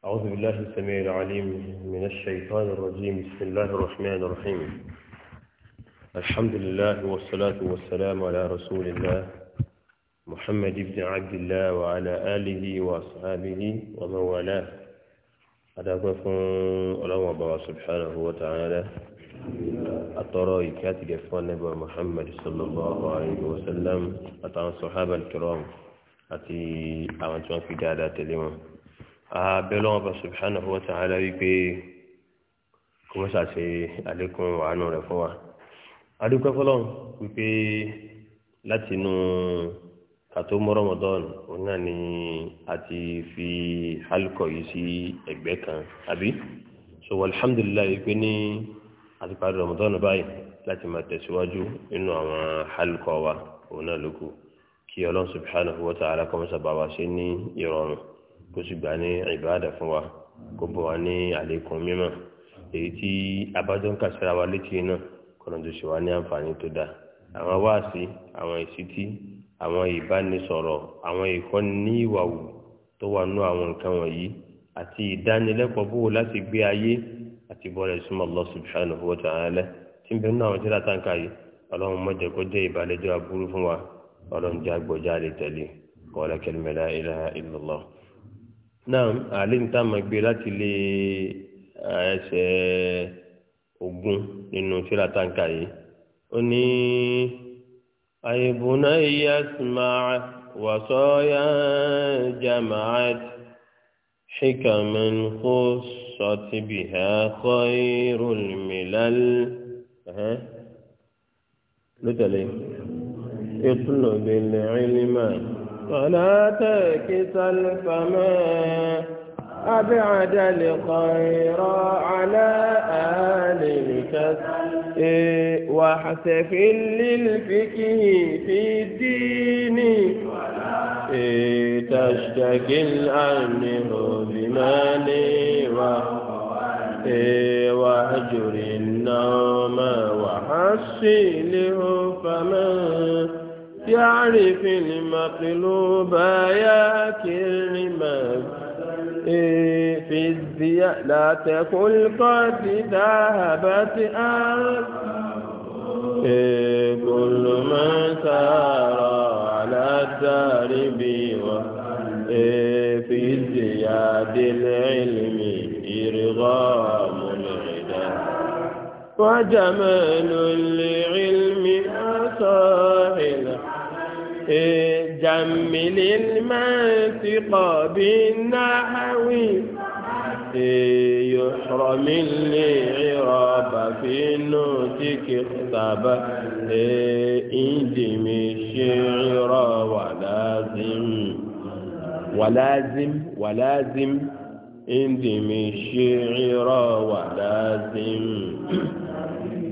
أعوذ بالله السميع العليم من الشيطان الرجيم بسم الله الرحمن الرحيم الحمد لله والصلاة والسلام على رسول الله محمد بن عبد الله وعلى آله وأصحابه ومن والاه أدعوكم الله سبحانه وتعالى أترى كاتب النبي محمد صلى الله عليه وسلم أتعن الصحابة الكرام أتي أعوان في دعاء اليوم abẹ́lọ́wọ́n bá subhanahu wa ta'ala wípé kó mọ́ ṣàṣe àlékún àánú rẹ̀ fún wa adúgbò fọlọ́n wípé láti inú kàtó mọ́rọ́mọdọ́n òun náà ni a ti fi hálùkọ̀ yìí sí ẹ̀gbẹ́ kan àbí so alhamdulilayi wípé ní àti parí rọmọdọ́n báyìí láti máa tẹ̀síwájú nínú àwọn hálùkọ̀ wa òun náà lóko kí ọlọ́run subhanahu wa ta'ala kó mọ́ ṣàbàwá ṣe ní ìrọ̀rùn kó sì gbà ní ìbáàdà fún wa kó bọ̀ wá ní àlékún mímọ̀ èyí tí abájọ́ ń kàṣẹ́ra wa létí náà kọ́nà tó ṣe wá ní àǹfààní tó dáa àwọn wáàsí àwọn ìsítí àwọn ìbánisọ̀rọ̀ àwọn ìkọ́ni ní ìwà wù tó wà nú àwọn nǹkan wọ̀nyí àti ìdánilẹ́kọ̀ọ́ bó láti gbé ayé àti bọ́ọ̀lẹ̀ súnmọ́ Allah subhanahu wa tí ń bẹ nínú àwọn tí náà àlẹ́ níta máa gbé láti lé ẹsẹ̀ ogun nínú fíra táǹkà yìí ó ní àyèbùnà yasma wàsọ́yà jamaat xikaman kó sọtibìhà kọ́irul milal. ló tẹ̀lé ètùnà bẹ̀lẹ̀ ẹ̀lẹ́mà. فلا تكسل الفما أبعد الخير على آلك واحتفل للفكه في الدين تشتكي الأمن بمالي واهجر النوم وحصله فما يعرف المقلوب يا كرما إيه في الزياء لا تقل قد ذهبت أرض إيه كل من سار على الدارب إيه في زياد العلم إرغام العدا وجمال لعلم أصاح جمل المنطق بالنحو إيه، يحرم العراب في النوتك اختبى إدم إيه، الشعر ولازم ولازم ولازم إندم الشعر ولازم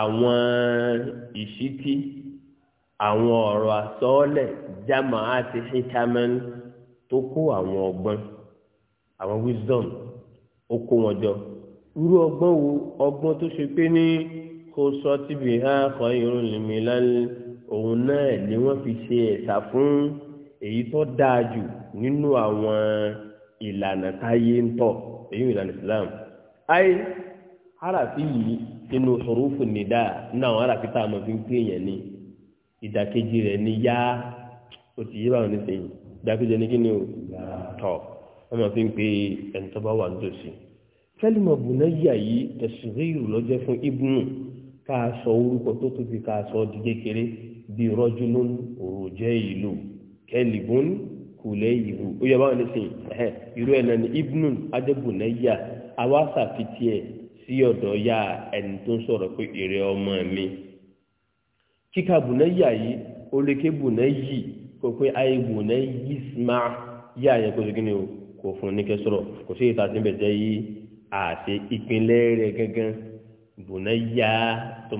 àwọn ìṣítí àwọn ọ̀rọ̀ àsọ́ọ́lẹ̀ jámà àti hitaman tó kó àwọn ọgbọ́n àwọn wisdom ó kó wọn jọ irú ọgbọ́n wo ọgbọ́n tó ṣe pé ní kó sọ tíbi ha kọ irun lèmi lálẹ́ òun náà ni wọ́n fi ṣe ẹ̀sà fún èyí tó dáa jù nínú àwọn ìlànà táyé ń tọ̀ èyí ìlànà islam ayé harafi yìí nínú hurufu nìdá nínú àwọn ará kíta àmọ́ fi ń pè yẹn ní ìdàkejì rẹ̀ ní yá o ti yé báwọn nísìnyí ìdàkejì ní kíni o tọ̀ wọ́n máa fi ń pè ẹni tó bá wà nítòsí. kẹ́lìmọ̀ bùnà yíyà yìí ẹ̀sùn ríru lọ́jọ́ fún ibùnú ká sọ orúkọ tó tó fi ká sọ di kékeré bí rọ́jú ló ń òròjẹ́ ìlú kẹ́lìbùn kùlẹ̀ ìhù ó yẹ báwọn nísìnyí irú ẹ̀ náà ni ibùnú adébùnà yíyà awásà fi sí ọ̀dọ̀ ya ẹni tó ń sọ̀rọ̀ pé èrè ọmọ mi kíka bùnẹ́yà yìí ó lè ké bùnẹ́yì pé ayé bùnẹ́yì sma yá yẹn kó segin ní o kò fún ní kẹ sọ̀rọ̀ kò sí ìta tí ń yìí àti ìpínlẹ̀ rẹ̀ gángan tó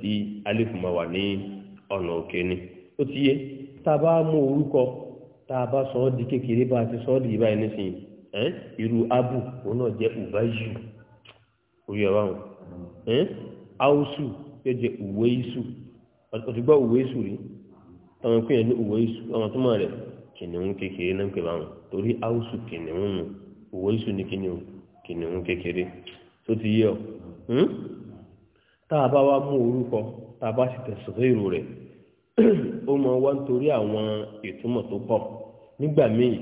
tí alẹ́fùmọ̀ wà ní ọ̀nà òkè ni ó ti yé tá a bá mú orúkọ tá a bá sọ ọ́ abu òun náà jẹ́ orí ọ̀rọ̀ àwọn áùsù yóò jẹ òwe isu ọ̀tùgbọ́ òwe isu rí àwọn ìpín ẹ̀ ní òwe isu àwọn tó máa rẹ̀ kìnìún kékeré náà ń pè báwọn torí áùsù kìnìún nù òwe isu ní kìnìún kìnìún kékeré tó ti yẹ ọ hmm? tá a bá wá mú orúkọ tá a bá sì tẹ̀sán èrò rẹ̀ ó máa wá nítorí àwọn ìtumọ̀ tó pọ̀ nígbà míì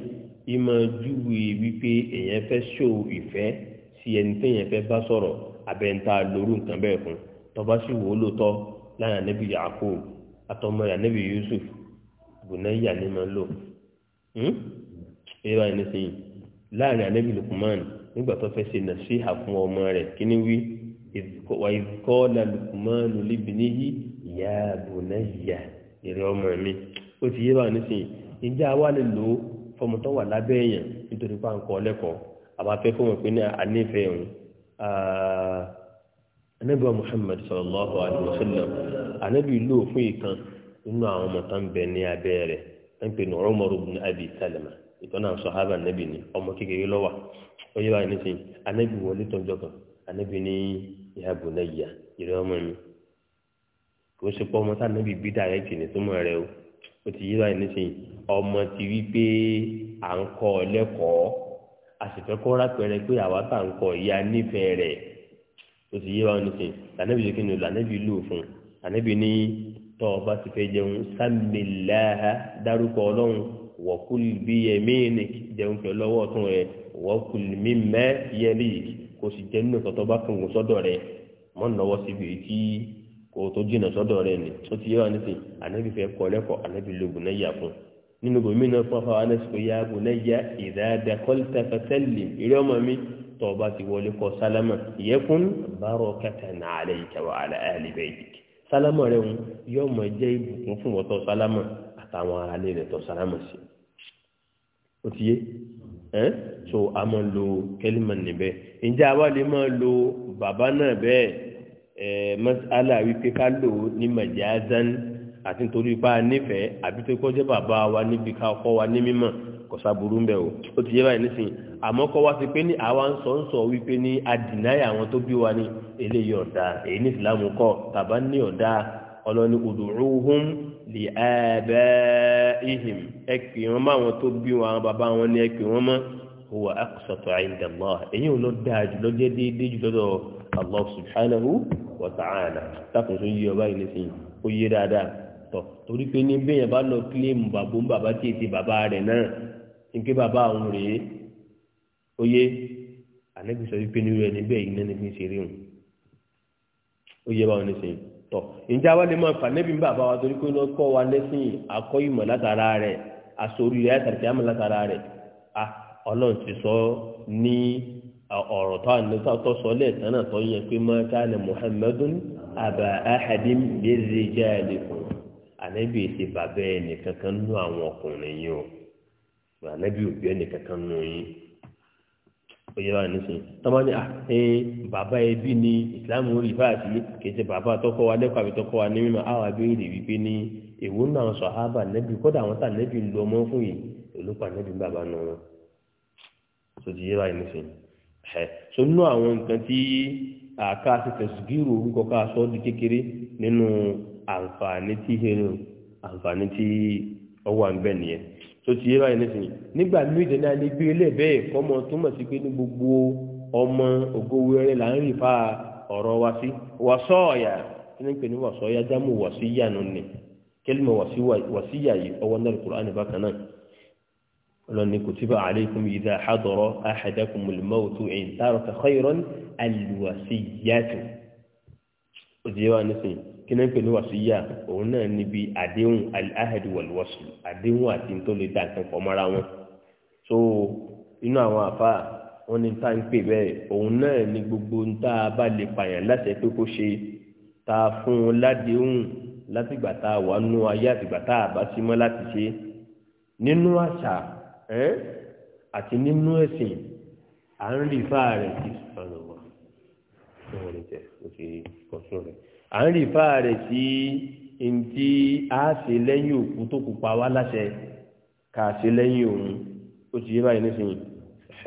ìmọ̀ júwe wípé èèyàn fẹ́ ṣó ìfẹ́ si ẹni téèyàn fẹ́ bá sọ̀rọ̀ abẹ́ńtà lóru nǹkan bẹ́ẹ̀ fún tọba sì wò ó lóòótọ́ láyà nẹ́bí yaako àtọmọ yà nẹ́bí yusuf bùnáyà ni máa ń lò ẹ̀rọ hmm? ẹni sìn láàrin anẹ́bí lukuman nígbà tó fẹ́ ṣe nà sí àfún ọmọ rẹ̀ kíní wí wà ìkọ́lá lukuman níbi níyí ìyá bùnáyà ìrẹ́ ọmọ mi ó ti yẹ́rọ ẹni sìn ìjà wa lè lò ó fọmọtọ́ wà lábẹ́ èèyàn nítorí pàǹkọ́ lẹ́kọ̀ọ́ àbáfẹ́ fún wọn pé ní ànífẹ́ òun anabi ah, wa muhammad sallallahu alayhi wa sallam anabi ló fún ìkan nínú àwọn ọmọ tó ń bẹ ní abẹ́ rẹ̀ ń pè ní ọmọrú ní abi salama ìtọ́nà sọ̀hábà anabi ni ọmọ kékeré lọ́wà ó yẹ báyìí nísìnyí anabi wọlé tó ń jọ kan anabi ní ìhàbò náà yà ìrẹ́ ọmọ mi kò ṣe pọ́ ọmọ tá anabi bí dàrẹ́tì ní súnmọ́ rẹ o ó ti yẹ báyìí nísìnyí ọmọ ti wí pé à ń kọ́ ọ lẹ́kọ̀ọ́ àṣìfẹ́ kó rápẹ̀rẹ̀ pé àwa bá ń kọ ìyá nífẹ̀ẹ́ rẹ̀ tó ti yé wa ní sè lànàbí yóò kí ni lànàbí lù fún lànàbí ní tọ́ ọ bá ti fẹ́ jẹun sàmìláha dárúkọ ọlọ́run wọ́kùl bí ẹ̀mí ni jẹun pẹ̀lú lọ́wọ́ ọ̀tún rẹ̀ wọ́kùl mí mẹ́ yẹlí kò sì jẹ́ nínú ìtọ́tọ́ bá fún un sọ́dọ̀ rẹ̀ mọ́ nọwọ́ síbi tí kò tó jìnnà sọ́dọ̀ rẹ̀ ni tó ti yé wa ní sè lànàbí fẹ́ kọ́ nínú bòmí náà fún afáwọn anẹ́sìkò ya bùnẹ́yà ìdáadà kọ́lítà fẹ́tẹ́lì eré ọmọ mi tọ́ọ̀bá ti wọlé kọ́ sálámà ìyẹ́kùn bárọ̀ kẹta náà alẹ́ ìkẹwà alẹ́ àlẹ́bẹ̀ ìdík sálámà rẹ̀ ń yọ ọmọ jẹ́ ìbùkún fún wọ́tọ̀ sálámà àtàwọn alẹ́ rẹ̀ tọ́ sálámà sí i ó ti yé ẹ́ so a máa lo kẹ́límà níbẹ̀ ǹjẹ́ àwa lè máa lo bàbá náà bẹ́ẹ̀ ẹ̀ mọ́sálà wípé ká lò ó ní màjáàzán àti nítorí ipá nífẹ̀ẹ́ àbí tó kọjá bàbá wa níbi ká ọkọ wa ní mímọ̀ kò sábúrú ń bẹ̀ o ó ti yẹ báyìí nísìnyí àmọ́ kọ́ wá sí pé ní àwa ń sọ ń sọ wípé ní adìnáyà àwọn tó bí wa ní eléyìí ọ̀dà èyí ní ìsìlámù kọ́ tàbá ní ọ̀dà ọlọ́ni òdòrúhùn lè ẹ̀ẹ́bẹ́ ihìm ẹ̀kì wọn bá wọn tó bí wọn bàbá wọn ní ẹ̀kì wọn mọ́ òwò àkùsọ̀tọ̀ àìndàmọ́ èyí ò tọ̀ torí pé ní bẹ́ẹ̀ bá lọ kílẹ̀mù bàbá ń bàbá tí èsì bàbá rẹ̀ náà nígbà bàbá òun rèé oyé ànágbé sọ wípé nírú ẹni bẹ́ẹ̀ iná níbi ìṣeré òun oyé báwọn ní sèé tọ̀ ǹjẹ́ àwa lè máa fànẹ́bí bàbá wa torí pé lọ kọ́ wa lẹ́sìn akọ́ ìmọ̀ látara rẹ̀ àsòrí rẹ̀ àtàkì àmọ̀ látara rẹ̀ a ọlọ́run ti sọ ní ọ̀rọ̀ tó àná tó sọ lẹ́ẹ̀tàn náà tó yẹ pé mọ́tálẹ̀ muhammadun àbá ahadin bẹ́ẹ̀ ànábì ṣe bàbá ẹnìkankan nú àwọn ọkùnrin yìí o ànábì òbí ẹnìkankan nú yín ó yẹ wá nísìnyí tọ́mọ́ ní bàbá ẹbí ni ìsìláàmù rí fáàtì kìí ṣe bàbá tọkọ wa lẹ́kọ̀ọ́ àbí tọkọ wa ní mímọ́ àwọn abéèrè wípé ní èwo náà àwọn sọ̀hábà nẹ́bí kódà àwọn tà nẹ́bí ń lo ọmọ fún yìí nẹ́bí so àwọn nǹkan tí àká ti orúkọ ká sọ ọ́ di kékeré àǹfààní tí hẹ́nu àǹfààní tí ọwọ́ àǹbẹ̀ nìyẹn tó ti yé báyìí nísìnyí nígbà méje náà ní bí ilé bẹ́ẹ̀ kọ́mọ túmọ̀ sí pé ní gbogbo ọmọ ògówó ẹrẹ là ń rí fa ọ̀rọ̀ wa sí wàsọ́ọ̀yà kí ni pè ní wàsọ́ọ̀yà jámù wàsíyà nù ni kẹ́lìmọ̀ wàsíyà yìí ọwọ́ náà kúrò á bákan náà ọlọ́ni kò tí bá àlékún yìí dá àdọ̀rọ̀ àhàdákùn mọ̀lùmọ́wòtú ẹ̀yìn tààrọ̀ tàkọ́ ìrọ́n àlùwàsíyà tù ó ti yé nísìnyí kíni ń pè ní wàsíyà òun náà níbi àdéhùn al-ahd wal-wasl àdéhùn àti tó lè dá nǹkan pọ̀ mọ́ra wọn so inú àwọn àfa wọn ní tá ń pè bẹ́ẹ̀ òun náà ní gbogbo ń tá a bá lè pààyàn láti pé kó ṣe tá a fún un ládéhùn látìgbà tá a wà nú ayé àtìgbà tá a bá sí láti ṣe nínú àṣà àti nínú ẹ̀sìn à ń rí fáà rẹ̀ sí ọ̀nà wa à ń rí fáà rẹ̀ sí ntí a ṣe lẹ́yìn òkú tó kù pa wá láṣẹ ká ṣe lẹ́yìn òun ó ti yé báyìí nísìnyí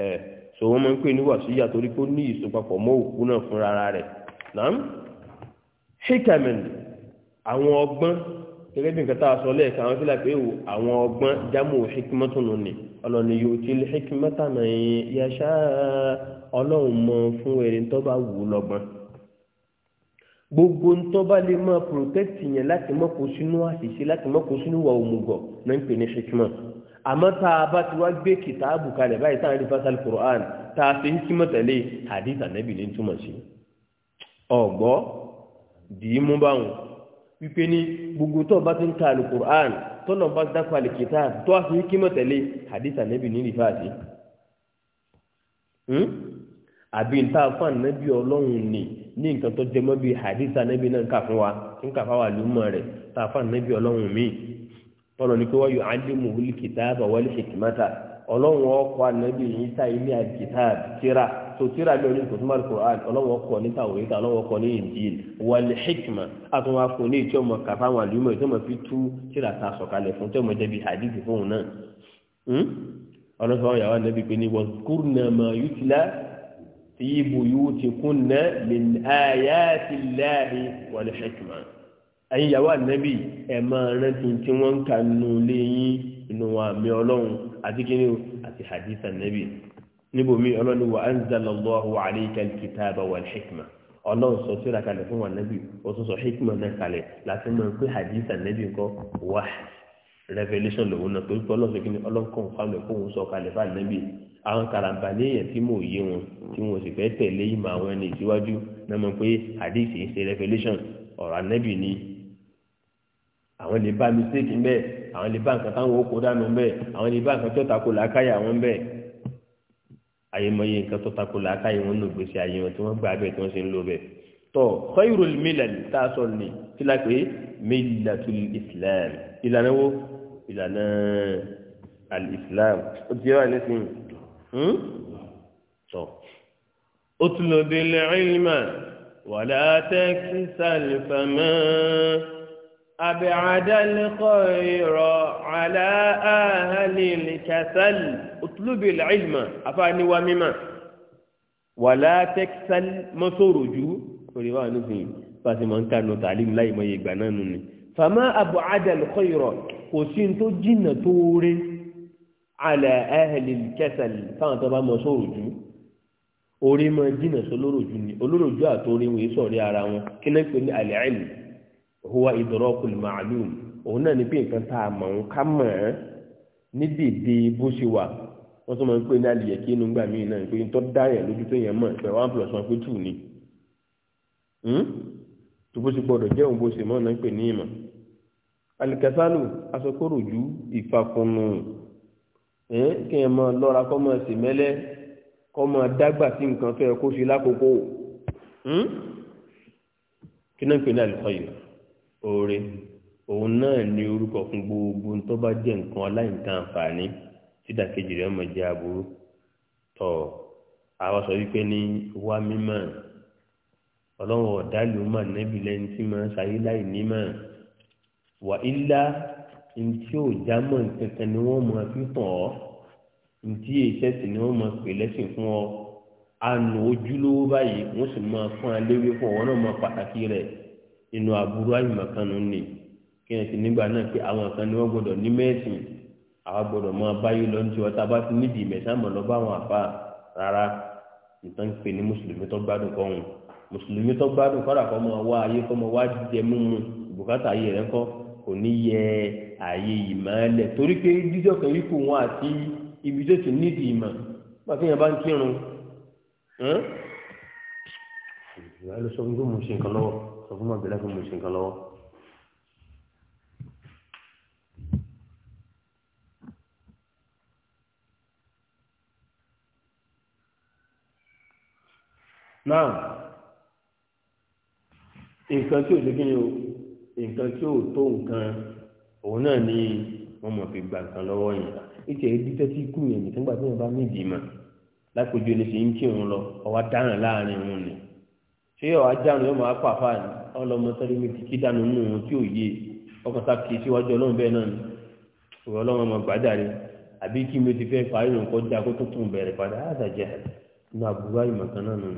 ẹ̀ sọ wọ́n máa ń pè ní wàsíyà torí pé ó ní ìsopapọ̀ mọ́ òkú náà fúnra rẹ̀ nàám hikamen àwọn ọgbọ́n gẹ́gẹ́ bí nǹkan tá a sọ lẹ́ẹ̀kan àwọn fílà pé àwọn ọgbọ́n jámù hikimọ́tònù ni ọlọ́ni yóò ti hikimọ́tàmẹ́yìn yàṣá ọlọ́run mọ fún erin tó bá wù ú lọ́gbọ́n gbogbo ntọ́ bá lè máa protect yẹn láti má kó sínú àṣìṣe láti má kó sínú wa òmùgọ̀ náà ń pè ní hikima àmọ́ tá a bá ti wá gbé kìtàbù kalẹ̀ báyìí tá a rí fasal quran tá a fi hikima tẹ̀lé hadith anabi ní túmọ̀ sí ọ̀gbọ́ dìí mú báwọn wípé ní gbogbo tó bá ti ń ta àlù quran tọ́nà bá dákọ̀ àlè kìtàbù tó a fi hikima tẹ̀lé hadith anabi ní rìfáàsì. Hmm? àbí n ta fún anabi ọlọ́run ni ní nǹkan tó jẹ mọ́ bí hadith anabi náà ń kà fún wa ń kà fáwọn àlùmọ́ rẹ̀ ta fún anabi ọlọ́run mi tọ́lọ̀ ní hmm? pé wọ́n yọ alimu olùkìtà bá wọlé ṣèkìmọ́ta ọlọ́run ọkọ̀ anabi yìí ta ilé àkìtà tíra tó tíra bí oníkùn tó máa kọ̀ án ọlọ́run ọkọ̀ ní tàwọn ìta ọlọ́run ọkọ̀ ní ìdíyìn wọlé ṣèkìmọ́ àtúnwá ní ìtí في بيوتكن من آيات الله والحكمة ẹ̀yin yàwó ànábì ẹ máa rántí tí wọ́n ń ka nù léyìn inú àmì ọlọ́run àti kíni àti hadith ànábì níbòmí ọlọ́run wà á ń zàlọ lọ́wọ́ àríkà kìtà bá wà hikma ọlọ́run sọ síra kalẹ̀ fún ànábì ó tún sọ hikma náà kalẹ̀ láti mọ̀ pé hadith ànábì kọ́ wà revolution lòun náà torí pé ọlọ́run sọ kíni ọlọ́run fáwọn ẹ̀kọ́ òun sọ kalẹ̀ fún ànábì àwọn karambani yẹn tí mò ń yé wọn tí wọn sì fẹ́ tẹ̀lé ìmọ̀ àwọn ẹni ìsíwájú náà mọ̀ pé àdéhìsì ń ṣe revolution ọ̀rọ̀ anẹ́bì ni àwọn lè bá mistake mbẹ́ àwọn lè bá nǹkan táwọn ó kó dànù mbẹ́ àwọn lè bá nǹkan tó tako làákàyà wọn mbẹ́ àyèmọye nǹkan tó tako làákàyà wọn nù gbèsè àyè wọn tí wọ́n gbà bẹ́ẹ̀ tí wọ́n ṣe ń lò bẹ́ẹ̀ tọ́ kọ́yìrò mílẹ̀lì tá a sọ ni kí la pé mílẹ̀tùl islam ìlànà wo ìlànà al islam O ti yẹ wà nísìnyí. Hmm? tọ́ otulobele ilma wàlá tẹ́kísà lìfàmọ́ abẹ́àdàlẹ́ kọ́ ìrọ̀ àlá àhálẹ̀ lìkàsálì otulobele ilma afáàníwá mímọ́ wàlá tẹ́kísà mọ́sọ̀rọ̀ jù kòrí wà nífin pàṣẹ mọ̀ ń kànú tàlím láì mọ̀ yẹ ìgbà náà nù ni fàmọ́ àbọ̀ àdàlẹ́ kọ́ kò sí ní tó jìnnà tó alẹ́ ẹ̀hẹ́lì kẹsẹ̀lì táwọn tó bá mọ sóòrò orí mọ jìnnà sólórò ni olórò àtòrí wọn ara wọn kí náà pè ní alẹ́ ẹ̀lì huwa ìdọ̀rọ̀kùn màálùm náà ní pé nǹkan tá a mọ̀ ń ká mọ̀ ẹ́ bó ṣe wà wọ́n tún máa ń pè ní kí inú gbà náà one plus one pé two ni tó bó ṣe gbọ́dọ̀ jẹ́ òun bó ṣe mọ́ náà ń pè ní ìmọ̀ ẹ̀ kí ẹ mọ lọ́ra kọ́ mọ sèmẹ́lẹ́ kọ́ mọ dágbà sí nǹkan fẹ́ kó ṣe lákòókò hmm? kí náà ń pè ní àlùkò yìí oore òun náà ní orúkọ fún gbogbo tó bá jẹ́ nǹkan aláìǹkan àǹfààní sídàkejì rẹ̀ mọ̀ jẹ́ aburú tọ̀ àwọn sọ wípé ní wá mímọ́ ọlọ́run ọ̀dá ló mọ̀ níbi lẹ́ni tí máa ń ṣayé láì nímọ̀ wà ílá ntí ò já mọ́ nkankan ni wọ́n mọ fi hàn ọ́ ntí èsẹ́sì ni wọ́n mọ pè lẹ́sìn fún ọ àánú ojúlówó báyìí wọ́n sì máa fún aléwé fún ọ wọ́n náà mọ pàtàkì rẹ̀ inú aburú àyùmọ̀kanu ni kí ẹ sì nígbà náà pé àwọn kan ni wọ́n gbọ́dọ̀ ní mẹ́sìn àwọn gbọ́dọ̀ mọ abáyé lọ ní ọ̀tá bá ti nídìí mẹ́sàmọ̀ lọ bá àwọn àfa rárá nǹkan pè ní mùsùlùmí tó gbádùn kọ́hún mùsùlùmí tó gbádùn kọ́dà kọ́ mọ wá ayé kọ́ mọ wá jíjẹ mímu bùkátà ayé rẹ̀ kọ́ kò ní yẹ ààyè ele ẹlẹ̀ torí pé dídọ̀ kan yípo ibi tó ti nídìí ìmọ̀ bá fi bá ń kírun ló sọ mo ṣe nǹkan lọ́wọ́ sọ fún mi àbẹ̀lẹ́ fún mo ṣe nǹkan lọ́wọ́. náà nǹkan tí ò nǹkan tí ò tó nǹkan òun náà ni wọn mọ̀ fi gbà nǹkan lọ́wọ́ yẹn ìtì ẹ̀ tí kú yẹn nìkan gbà tí wọn bá níbi ìmọ̀ lápòjú ẹni sì ń kí òun lọ ọwọ́ dáràn láàrin òun ni ṣé ọwọ́ dáràn yóò máa pàfà ọlọmọ sọ́dọ̀ mi kí dànù nù òun tí ò yé ọkàn sá kì í síwájú ọlọ́run bẹ́ẹ̀ náà ni ìwọ ọlọ́run ọmọ gbàdáre àbí kí mi ti fẹ́ parí nù kọ́ da kó tó tún bẹ̀rẹ̀ padà àtàjẹ́ inú àbúrò àyùmọ̀ kan náà nù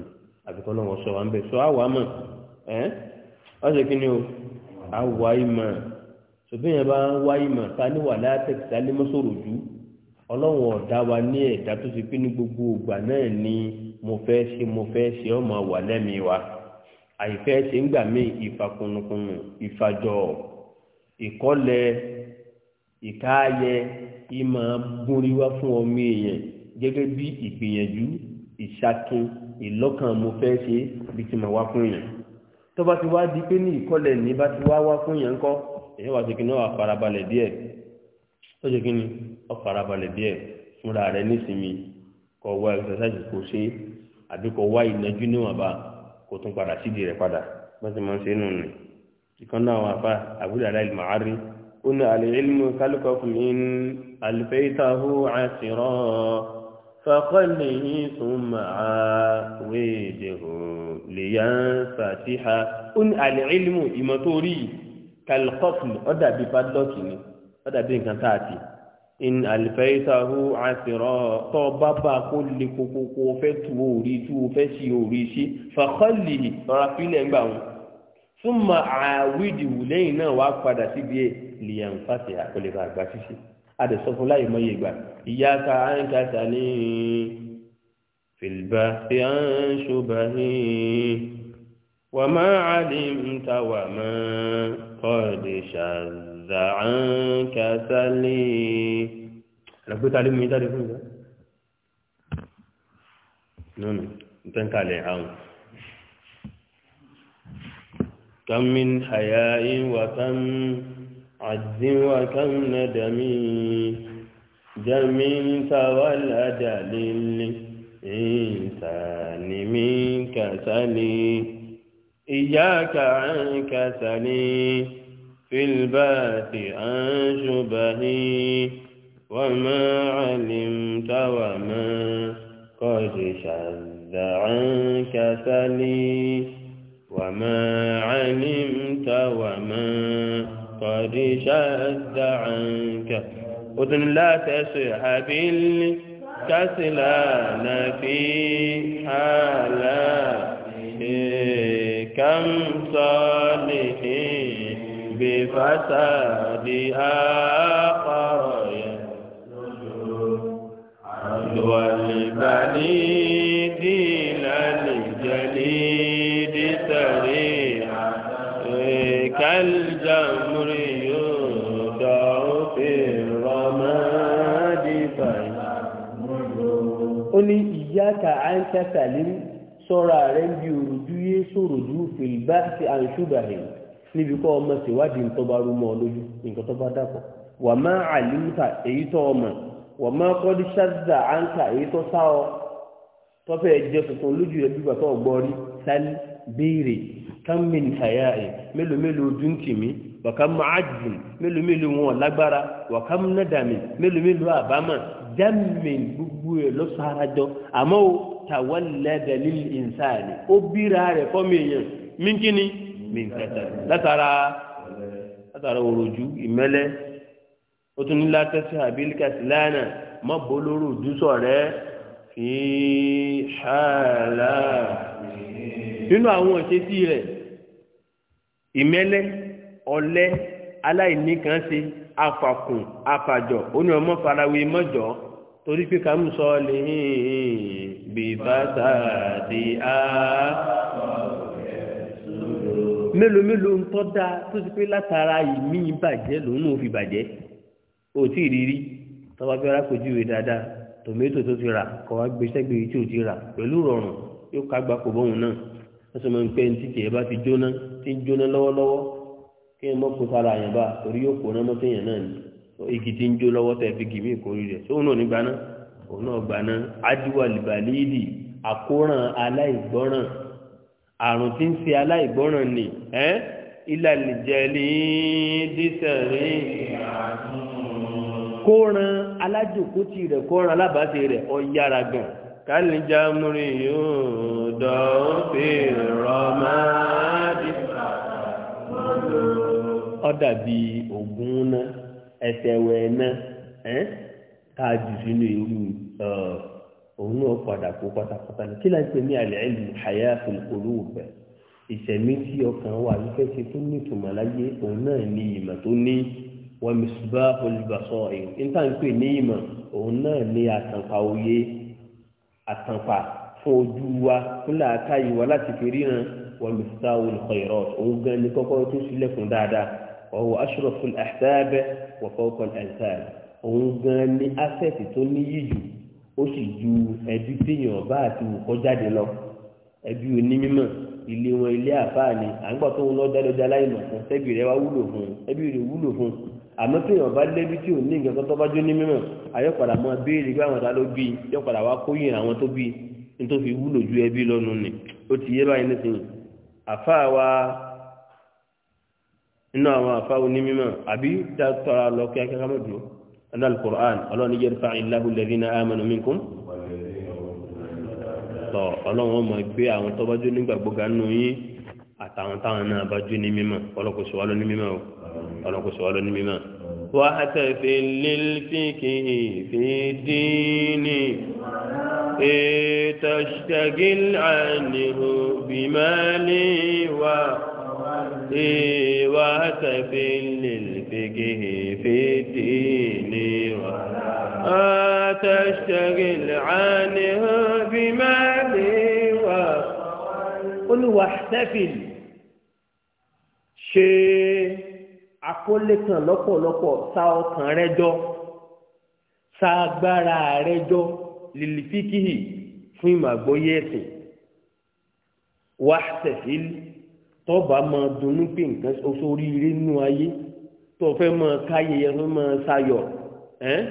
àbíkọ́ lọ́wọ́ sọ wa ń bẹ̀ sọ àwọ̀ àmọ̀ ẹ́ ọ́ á wá ìmọ̀ ṣùgbọ́n yẹn bá ń wá ìmọ̀ ta ní wà látẹ̀kì lé mọ́sọ̀rọ̀ jù ọlọ́run ọ̀dá wa ní ẹ̀dá tó ti pín ní gbogbo ògbà náà ni mo fẹ́ ṣe mo fẹ́ ṣe ọmọ wà lẹ́mìí wa àìfẹ́ ṣe ń gbà mí ìfàkùnùkùnù ìfàjọ ìkọ́lẹ̀ ìkáayẹ ìmọ̀ gúnriwá fún ọmọ èèyàn gẹ́gẹ́ bí ìgbìyànjú ìṣakin ìlọ́kàn mo fẹ́ ṣe bí ti mọ̀ wá fún èèyàn tó bá ti wá di pé ní ìkọlẹ̀ ní bá ti wá wá fún yẹn ńkọ́ èyí wá jẹ́kí náà farabalẹ̀ díẹ̀ tó jẹ́kí ni ọ farabalẹ̀ díẹ̀ fúnra rẹ̀ nísìnyí kọ wá ẹ̀sẹ̀sáìsì kò ṣe àbí kọ wá ìnájú níwọ̀nba kò tún padà sídìí rẹ̀ padà bá ti máa ń ṣe nù nù ìkan náà wọn àfa àbúrò aláìlú màárí ó ní àlè ilmu kálukọ́ fún mi alifẹ́ ìtàhù àṣìrọ́ فقله ثم عاوده لينفتح ان العلم يمطوري كالقفل ادا بفضلك ادا بين كانتاتي ان الفيته عسرا طبابا كل كوكو فتوري تو فشي اوريشي فقله رافيل انباو ثم عاوده لينا واقعد سيبي لينفتح كل باغباسيسي adẹ̀sọ́fún láì mọ́ ìgbà ìyá ka àǹkàtà ní fìlbà tí a ń ṣùgbà ní wà máa àdì ń ta wà máa kọ́ọ̀dì ṣàzà àǹkàtà ní ẹ̀lẹ́gbẹ́ta lé mú ìjáde fún ìgbà nínú ìtẹ́ǹkàlẹ̀ àwọn كم من حياء وكم عز وكم ندمي جميل تولد للإنسان من كسلي إياك عن كسلي في البات عن شبهي وما علمت وما قد شذ عن كسلي وما علمت وما قد شد عنك أذن لا تسحب الكسلان في حالا كم صالح بفسادها tẹ́tàlín sọ́ra rẹ̀ ń bi òròjú yé sòròjú fìlbá ti àǹṣùbàhìn níbi kọ́ ọmọ ṣèwádìí nǹkan bá rúmọ lójú nǹkan tó bá dàpọ̀ wà má àlìmta èyí tó ọmọ wà má kọ́dí ṣáàdà àǹkà èyí tó sá ọ tọ́fẹ́ jẹ tuntun lójú rẹ̀ bíbà tó gbọ́ rí sálí béèrè kánmin àyà mélòó mélòó dúnkì mi wàkà máàjùn mélòó mélòó wọn lágbára wàkà nádàmì mélòó mélòó àbámà jámin gbogbo ẹ̀ lọ́sàárájọ àmọ́ tàwọlẹ́dẹ̀ lílì ìnsáàlì ó bíra rẹ̀ fọ́mì èèyàn mínkíní mínkẹta látara látara òròjú ìmẹ́lẹ́ ó tún ní látẹ́sí àbílíkà síláànà mọ́ bolóró dúsọ̀ rẹ̀ fi ṣáàlà nínú àwọn ìṣesí rẹ̀ ìmẹ́lẹ́ ọlẹ́ aláìníkànṣe afàkùn afàjọ ó ní ọmọ farawé mọ́jọ́ torí pé ká ń sọ lè bí fásá di á mélòó mélòó ń tọ́ da tó ti pé látara ìmí bàjẹ́ lòun náà fi bàjẹ́ ò tí ì rírí tọ́ba fẹ́ rákojú rẹ̀ dáadáa tòmẹ́tò tó ti rà kọ́ wá gbé sẹ́gbẹ̀ẹ́ tí ò ti rà pẹ̀lú rọrùn yóò ká gbapò bọ́hùn náà wọ́n sọ ma ń pẹ́ ní títì ẹ̀ bá ti jóná ti ń jóná lọ́wọ́lọ́wọ́ kí ẹ mọ́ kó sára àyànbá torí yóò kó náà mọ́tò yẹn náà ni igi tí ń jó lọ́wọ́ tẹ̀ fi gìmí ìkórí rẹ̀ sóun náà ní gbaná òun náà gbaná adiwalibalidi àkóràn aláìgbọ́ràn àrùn tí ń ṣe aláìgbọ́ràn ni ẹ́ ìlànìjẹ̀lì dísẹ̀rí kóran alájòkótì rẹ̀ kóran alábàáṣe rẹ̀ ọ̀yára gan kálíjà múrin yóò dọ̀ ó fi rọ̀mádìí ọ̀dàbí ògún náà ẹsẹ̀ wẹ̀ náà ẹ́ ká jù sínú irú òun náà padà kó pátápátá ní kí láti pè ní àlẹ́ ìlú àyà olùkọ́lùwẹ̀ ìṣẹ̀mí tí ọkàn wà ló fẹ́ ṣe tó ní ìtumọ̀ láyé òun náà ní ìmọ̀ tó ní wọ́n mi ṣùgbọ́ olùbàṣọ èyí níta ń pè ní ìmọ̀ òun náà ní àtànpà òye àtànpà fún ojú wa fún làákàyè wa láti fi ríran wọ́n mi ṣùgbọ́ olùkọ́ ìrọ̀ òun gan ni kọ́kọ́ tó ṣílẹ̀kùn dáadáa وهو أشرف الأحساب وفوق الأنساب òun gan ni asẹ́ẹ̀tì tó níyì jù ó sì ju ẹbí téèyàn bá àti wò kọjáde lọ ẹbí onímọ̀ ilé wọn ilé àfáà ni à ń gbọ́ tó ń lọ dáadọ́dá aláìmọ̀ fún ẹbí rẹ wá wúlò fún ẹbí rẹ wúlò fún àmọ́ téèyàn bá lébi tí ò ní nǹkan tó bá jó ní mímọ̀ ayọ́padà mọ́ béèrè pé àwọn ọ̀dà ló bí yọ́padà wá kóyìn àwọn tó bí nítorí wúlò ju ẹbí lọ́nu ni ó ti yé báyìí nísìnyí àfáà wa inú àwọn àfáwọn ní mímọ̀ àbí dátọ́ra lọ kí akẹ́kọ̀ọ́ mọ̀ dùn ẹ̀nà alukur'an ọlọ́run ní yẹrìfà ìlàhùn lẹ́bí náà àmọ́ mi kún. tọ ọlọ́run mọ̀ pé àwọn tó bá jó nígbàgbọ́ ga nù yín àtàwọn táwọn náà bá jó ní mímọ̀ ọlọ́kùnso wa ló ní mímọ̀ o ọlọ́kùnso wa ló ní mímọ̀. wà á tẹ̀sẹ̀ lílfìkì fi díìnì ètò ṣẹ́gìl àníhù bìmọ́lì إيه واعتفل للفقه في الدين ولا تشتغل عنها بمالي واحتفل ṣe àkọlé kan lọ́pọ̀lọpọ̀ sa ọkàn rẹ jọ sa agbára rẹ jọ lìlìfíkìhì fún ìmàgbóyè ẹ̀sìn wàhtẹ̀fìlì tọ́ba máa dunnú pé nǹkan sórí ilé nínú ayé tó fẹ́ máa káyé ẹ fẹ́ máa sayọ̀ ẹ́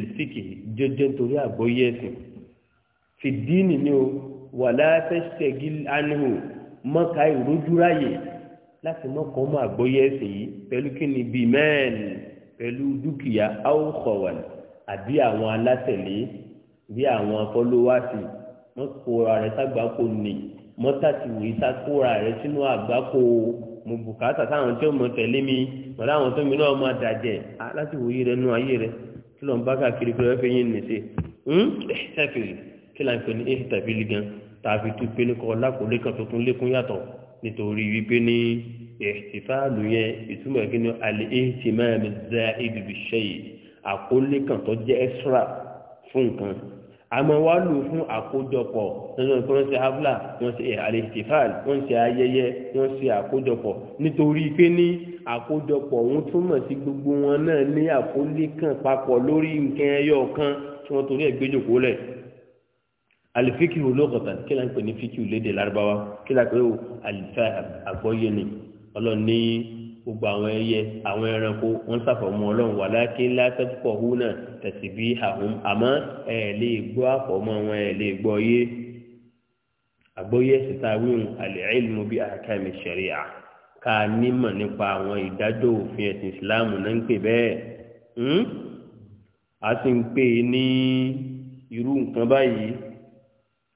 lè fìkì jẹjẹ torí àgbọ́yé ẹ̀sìn fìdíìnì ni o wà látẹ́sẹ̀gì ánìhò mọ́ka ìrójúráyè láti mọ́kọ́ mọ́ àgbọ́yé ẹ̀sìn yìí pẹ̀lú kíni bíi mẹ́ẹ̀nì pẹ̀lú dúkìá áwòkọ̀wàlì àbí àwọn alátẹ̀lé bí àwọn fọlọ́wásì mọ́kọ́ ara rẹ̀ ságbákò nìyí mọ́tàtì wòye sákóra rẹ̀ sínú àgbákò mo bùkátà táwọn tó mọ tẹ̀lé mi pẹ̀lú àwọn tó mi náà máa dàjẹ́ láti wòye rẹ̀ nú ayé rẹ̀ kí ló ń bá káàkiri pé wọ́n fi yín nìṣe ẹ̀ẹ́dẹ́fẹ̀rẹ̀ hmm? kí là ń pè ní ẹ̀ẹ́dẹ́fẹ̀rẹ̀ gan tàbí tún pé ní kọ́ lákòólé kan tuntun lékún yàtọ̀ nítorí wípé ní ẹ̀ẹ́dẹ́fẹ̀rẹ̀ yẹn ìtumọ̀ kí ni alẹ́ ẹ̀ẹ́dẹ́fẹ̀rẹ̀ àmọ́ wá lò fún àkójọpọ̀ nínú ìpín wọn ṣe havla wọn ṣe àlèstifal wọn ṣe ayẹyẹ wọn ṣe àkójọpọ̀ nítorí pé ní àkójọpọ̀ òun túmọ̀ sí gbogbo wọn náà ní àkólé kan papọ̀ lórí nǹkan ẹyọ kan tí wọ́n torí ẹ̀ gbéjòkó lẹ̀ alifikiru lókọ̀tà kí láń pè ní fikiru léde lárúbáwá kí láń pè ó àlìfẹ́ àgbọ́yé ni ọlọ́ni gbogbo àwọn ẹyẹ àwọn ẹranko wọn sàfọmọ ọlọrun wà láàkí látẹfọ òhun náà tẹsí bí àwọn àmọ ẹ lè gbọ àfọmọ wọn ẹ lè gbọ yé àgbóyè ẹsẹ tá a wí hun àlẹ ẹlẹmú bí àkàmì sẹríà ká nímọ nípa àwọn ìdájọ òfin ẹsìn ìsìláàmù náà ń pè bẹẹ hmm? a sì ń pè ní irú nǹkan báyìí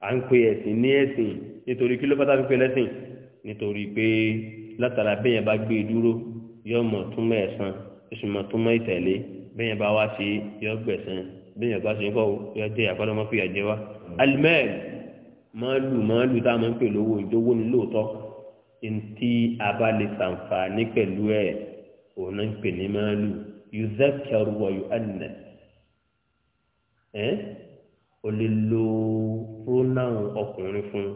à ń pè ẹsìn ní ẹsìn nítorí kí ló bá tá fi pè lẹsìn nítorí pé látara bẹ́yẹn bá gbé e dúró yọ mọ̀ tún mẹ́ẹ̀sán oṣù mọ̀ tún mọ́ ìtẹ̀lé bẹ́yẹn bá wá sí yọ gbẹ̀sán bẹ́yẹn bá ṣe kọ́ yọ jẹ́ e, àpálọ́mọ́ fìyà jẹ wá. alimẹ́ẹ̀lì màálù màálù tá a máa ń pè lówó ìjówó ni lóòótọ́ ntí abalẹ̀ sàǹfààní pẹ̀lú ẹ̀ òun náà ń pè ní màálù yuzakaru wa yuhanna ẹ o lè lo pronoun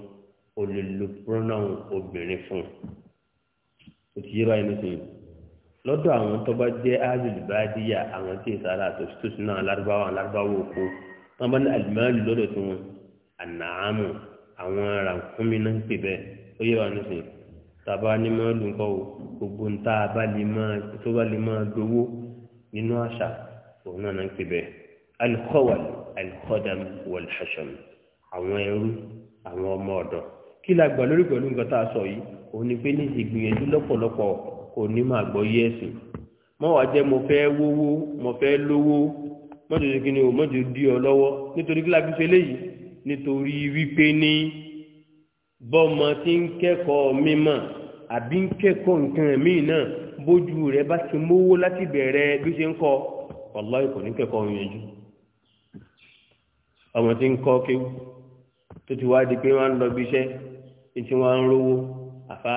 o lè lo pronoun obìnrin fún ó ti yé báyìí lóṣèlú lọ́dọ̀ àwọn tó bá jẹ́ azulubadiya àwọn tí ìsara àtòsítòsí náà alárúbáwá alárúbáwá oko wọn bá ní alimẹ́lì lọ́dọ̀ tí wọn ànàámù àwọn rànkúnmi náà ń pè bẹ́ẹ̀ ó yé báyìí lóṣèlú tàbá ní máa lù ń kọ́ o gbogbo ń tó bá lè máa dowó nínú àṣà òun náà náà ń pè bẹ́ẹ̀ alikọ́wàlì alikọ́dàmù wọlé àwọn ẹrú àwọn ọmọ ọ̀dọ́ kí la gbà lórí pẹ̀lú nǹkan tá a sọ yìí òní pé ní ìgbìyànjú lọ́pọ̀lọpọ̀ kò ní máa gbọ́ yé ẹ̀sìn mọ́ wàá jẹ́ mo fẹ́ wówó mo fẹ́ lówó mọ́tò ṣe kíni o mọ́tò dí ọ lọ́wọ́ nítorí kíláàbí ṣe léyìí nítorí wípé ní bọ́mọ tí ń kẹ́kọ̀ọ́ mímọ̀ àbí ń kẹ́kọ̀ọ́ nǹkan míì náà bójú rẹ̀ bá ti mówó láti bẹ̀rẹ̀ bí ṣe ń kọ́ ọ̀lọ́ ìkọ̀ ní kẹ́kọ̀ọ́ yanjú ọmọ tí ń kọ́ kéwú tó ti wá di pé wọ́n á lọ bí iṣẹ́ tí wọ́n àfà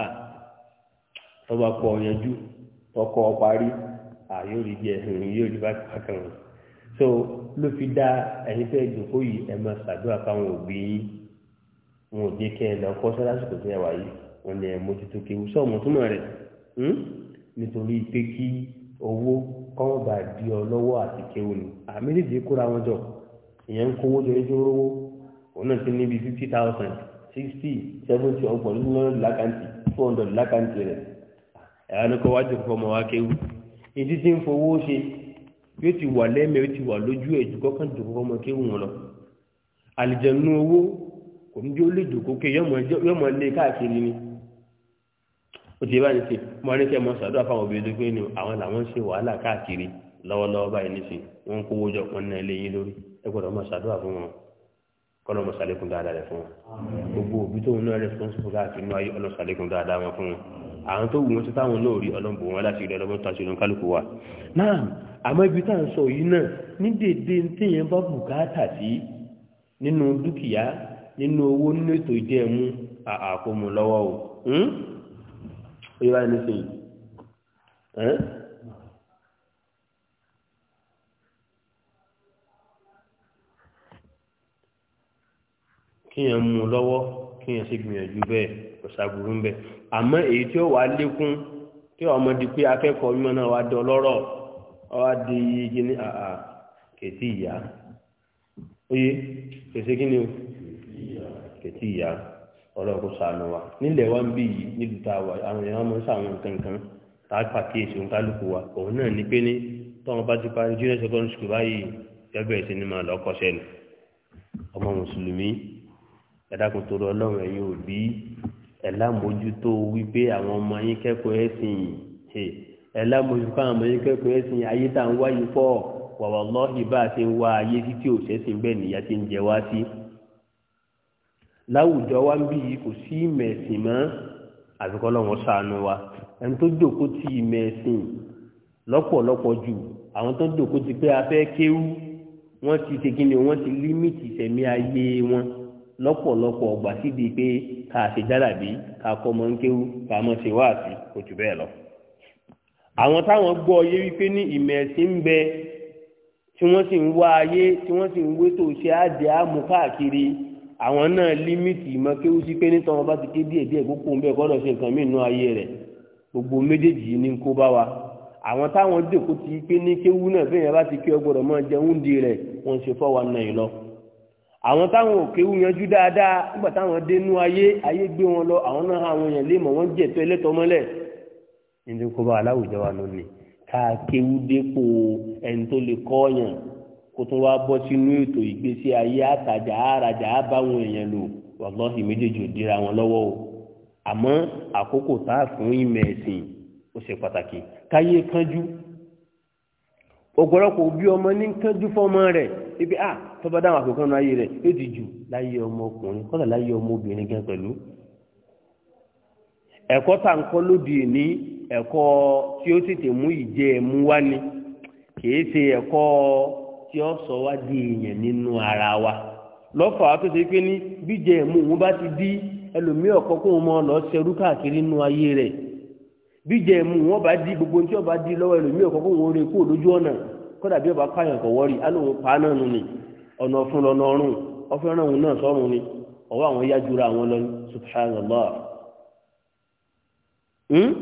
tọ́ba kọ ọ̀yẹ́jú tọkọ parí àyò rí jẹ ẹ̀hìn yóò rí bákan bákan wọn so ló fi dá ẹ̀yin fẹ́ jòkó yìí ẹ̀ máa ṣàdúrà fáwọn òbí yín wọn ò jẹ́ kẹ́ ẹ lọ kọ́ sọ́lásìkò tó yẹ wáyé wọn lè mójútó kéwu sọ́ọ̀mù túmọ̀ rẹ̀ hm? nítorí pé kí owó kọ́mọ̀ bá di ọ lọ́wọ́ àti kéwu ni àmì lè dé kóra wọn jọ ìyẹn ń kówó jọ ẹjọ́ rówó òun náà ti níbi fifty thousand sixty seventy ọgbọ̀n nínú lọ́dọ̀ lákàntì four hundred lákàntì rẹ̀ ẹ̀rọ kọ́ wájú kọ́ ọmọ wa kéwù ìdí tí ń fowó ṣe yóò ti wà lẹ́mẹ̀ yóò ti wà lójú ẹ̀ jù kọ́kàn jù kọ́ ọmọ kéwù wọn lọ àlìjẹ̀nu owó kò ní yóò lè dòkó ké yọmọ lé káàkiri ni ó ti bá ní sè mo ní kí ẹ mọ sàdúrà fáwọn obìnrin tó gbé ni àwọn làwọn ń ṣe wàhálà káàkiri lọ́wọ́lọ́wọ́ báyìí nísìnyí wọ́n ń kówó jọ kan náà lé yín lórí ẹ gbọ́dọ̀ mọ sàdúrà fún wọn kọlọ mọ sàlékún dáadáa rẹ fún wọn gbogbo òbí tóun náà responsible káàkiri inú ayé ọlọ sàlékún dáadáa wọn fún wọn àwọn tó wù wọn tó táwọn náà rí ọlọmọbò wọn láti rí ọlọmọ tó aṣọ kálukú wa náà àmọ́ ibi tá à ń sọ yìí náà ní dèdè téèyàn bá bùkátà sí nínú dúkìá nínú owó nínú ètò ìdí ẹmu àkómọ lọ́wọ́ o hmm? ó yẹ báyìí kíyàn mú lọ́wọ́ kíyàn sì gbìyànjú bẹ́ẹ̀ kò sàbùrú ń bẹ̀ àmọ́ èyí tí ó wà lékún tí ọmọ di pé akẹ́kọ̀ọ́ mímọ́ náà wá dọ lọ́rọ̀ wá di igi ní àà kètì ìyá oye kèsì kí ni o kètì ìyá ọlọ́run sànù wa nílẹ̀ wa ń bí yìí nílùú tá a wà àwọn èèyàn máa ń sàwọn nǹkan kan tá a pàkíyèsí òun kálukú wa òun náà ní pé ní tọ́wọ́n bá ti parí junior secondary school báyìí ẹgbẹ́ ìsinmi máa ni ọmọ mùsùlùmí ẹ̀dàkùn tó rọ ọlọ́run ẹ̀yin òbí ẹ̀lámójútó wípé àwọn ọmọ yín kẹ́kọ̀ọ́ ẹ̀sìn yìí ẹ̀lámójútó àwọn ọmọ yín kẹ́kọ̀ọ́ ẹ̀sìn ayé tá à ń wáyé pọ̀ wàwà lọ́ọ̀hì bá a ti ń wá ayé títí òṣèṣin bẹ́ẹ̀ nìyá ti ń jẹ wá sí. láwùjọ wa ń bí yìí kò sí ìmẹ̀sìn mọ́ àfikọ́ lọ́wọ́n sànù wa ẹni tó jòkó ti ìmẹ̀sìn lọ́pọ̀lọpọ̀ jù àwọn tó jòkó ti pé afẹ́ kéwú wọ́n ti ṣe kí ni wọ́n ti límìtì ìṣẹ̀mí ayé wọn lọ́pọ̀lọpọ̀ ọgbà síbi pé ká ṣe jálàbí ká kọ́ mọ́ ń kéwú ká mọ́ ṣe wáàsí kò jù bẹ́ẹ̀ lọ. àwọn táwọn gbọ́ ayé wípé ní ìmọ̀ ẹ̀sìn ń bẹ tí wọ́n sì ń wá ayé tí wọ́n sì ń wé tó ṣe àjẹ́ àmú káàkiri àwọn náà límìtì ìmọ̀ kéwú sí pé nítorí wọn bá ti ké díẹ̀ díẹ̀ kókó ń bẹ̀ kọ́dọ̀ ṣe nǹkan mìíràn ayé rẹ̀ gbogbo méjèèjì ní kó bá wa àwọn táwọn dèkó ti pé ní kéwú náà bẹ́ẹ̀ yẹn bá ti ké ọgbọ́dọ̀ mọ́ jẹun di rẹ̀ wọ́n ṣe fọ́ wa náà yìí lọ àwọn táwọn òkèwú yanjú dáadáa nígbà táwọn dénú ayé ayé gbé wọn lọ àwọn náà àwọn èèyàn lè mọ wọn jẹtọ ẹlẹtọ mọlẹ nítorí kó bá aláwùjọ wa lónìí ká kéwú dépò ẹni tó lè kọọyàn kó tún wá bọ sínú ètò ìgbésí ayé àtàjà àràjà àbáwọn èèyàn lò wàlọ́ọ̀sì méjèèjì ò dira wọn lọ́wọ́ o àmọ́ àkókò tá a fún ìmẹ̀ ẹ̀sìn ó ṣe pàtàkì káyé kánjú ọ̀pọ̀lọpọ̀ òbí ọmọ ní kánjú fọ́mọ rẹ̀ ibi à ah, tọ́ba dáhùn àkókò náà ayé rẹ̀ yóò ti jù láyé ọmọ ọkùnrin láyé ọmọ obìnrin gan pẹ̀lú. ẹ̀kọ́ tá lóde ní ẹ̀kọ́ tí ó tètè mú ẹ̀mú sọ wá di èèyàn ara wa. lọ́fà tó ṣe pé ní ẹ̀mú òun bá ti dí mọ́ bíjẹ mu wọn bá di gbogbo tí wọn bá di lọ́wọ́ ẹlòmí ọkọ kó wọn rè kó lójú ọ̀nà kódà bí ọba pààyàn kọ wọrí alóhùn pa náà nù ni ọ̀nà ọ̀fun lọ́nà ọ̀run ọ̀fẹ́ òun náà sọ́run àwọn lọ subhanallah hmm?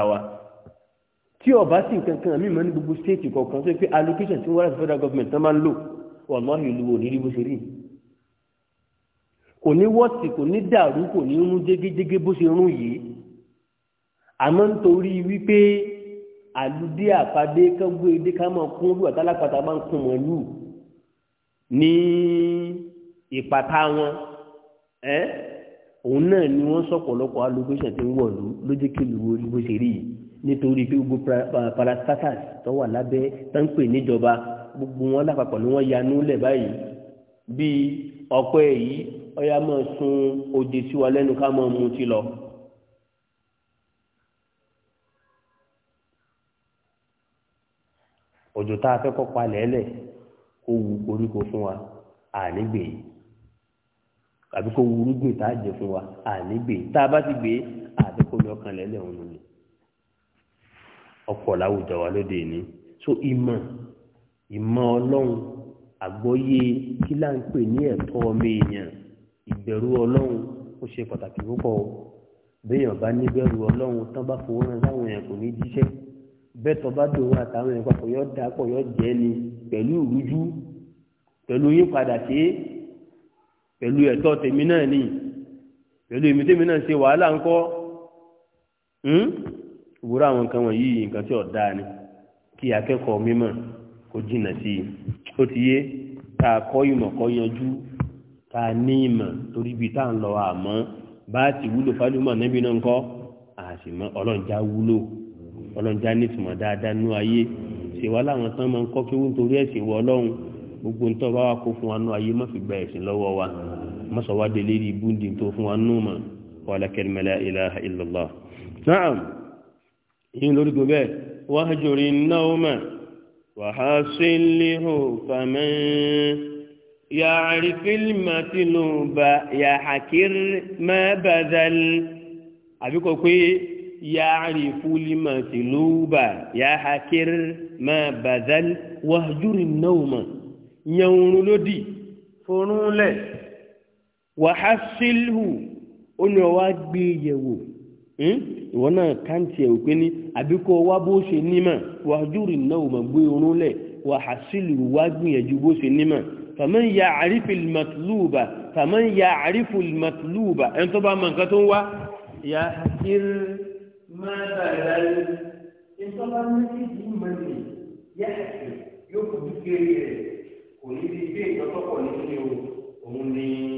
wa tí ọba kankan mímọ́ ní gbogbo stéètì tó allocation tí rà wọ̀lọ́ọ̀lì ìlú òní bó ṣe rí kò ní wọ́ọ̀tì kò ní dàrú kò ní rún jégéjégé bó ṣe rún yìí àmọ́ nítorí wípé àlùdí àpàdé kángbó èdè ká máa kún bí wàtá lápàtà máa ń kún wọn lù ní ìpàtà wọn ẹ òun náà ni wọ́n sọ̀pọ̀lọpọ̀ alógbèsàn tí ń wọ̀lú lójú kìlú orí bó ṣe rí yìí nítorí pé gbogbo parastatus tó wà lábẹ́ tó ń pè níjọba gbogbo wọn lápapọ̀ ni wọ́n yanú lẹ̀ báyìí bíi ọ̀pẹ yìí ọ̀yà máa sun òde sí wa lẹ́nu ká máa mu ti lọ. òjò tá a fẹ́ kọ́ palẹ̀ ẹlẹ̀ kó wu koríko fún wa ànígbè àbí kó wu irúgbìn tá a jẹ fún wa ànígbè tá a bá ti gbé àbí kó lẹ́lẹ̀ òun nù ọ̀pọ̀ láwùjọ wa lóde ìní so ìmọ̀ ìmọ̀ ọlọ́run àgbọ́yé kí là ń pè ní ẹ̀tọ́ ọmọ èèyàn ìbẹ̀rù ọlọ́run ó ṣe pàtàkì púpọ̀ o béèyàn bá níbẹ̀rù ọlọ́run tán bá fowó rán sáwọn èèyàn kò ní jíṣẹ́ bẹ́ẹ̀ tó bá dòwó àtàwọn èèyàn papọ̀ yọ dà pọ̀ yọ jẹ́ ni pẹ̀lú ìrújú pẹ̀lú yín padà ṣe é pẹ̀lú ẹ̀tọ́ tèmi náà ni pẹ̀lú èmi tèmi náà ṣe wàhálà ńkọ́ ìwúrọ̀ hmm? àwọn nǹkan wọ̀nyí nǹkan tí ọ̀ dáa ni kí akẹ́kọ̀ọ́ mímọ̀ kò jìnà sí i ó ti yé tá a kọ́ ìmọ̀ kọ́ yanjú tá a ní ìmọ̀ torí ibi tá à ń lọ àmọ́ bá a ti wúlò fálúmọ̀ níbi náà ń kọ́ àṣìmọ́ ọlọ́njà wúlò ọlọ́njà nítumọ̀ dáadáa nú ayé ṣèwá láwọn tán máa ń kọ́ kí wọ́n torí ẹ̀sìn wọ ọlọ́run gbogbo ń tọ́ bá wa kó fún wa nú ayé má fi gba ẹ̀sìn lọ́wọ́ wa má sọ wá délé rí ibúndì tó fún wa nú mọ̀ wàlákẹ́lmẹ́lá ìlàhà وحاصل له فمن يعرف المطلوب يحكر ما بذل أبيكو كوي يعرف المطلوب يحكر ما بذل وهجر النوم يوم لدي فرولة وحصله أنه واجبي يوم ìwọ náà káǹtì ẹ̀ ò pé ní àbíkọ́ wá bó ṣe nímọ̀ wà júrì náà ò mà gbé orun lẹ̀ wà hàṣìlù wá gbìyànjú bó ṣe nímọ̀ fàmán ya àrífìl màtúlùbà fàmán ya àrífìl màtúlùbà ẹ̀ tó bá mọ nǹkan tó ń wá. ya hakir máa bàrà rẹ ìtọ́lá méjì mọ́ni ya hakir yóò kò dúkìá rẹ kò ní bí bí ìtọ́tọ́kọ̀ nínú òun ni.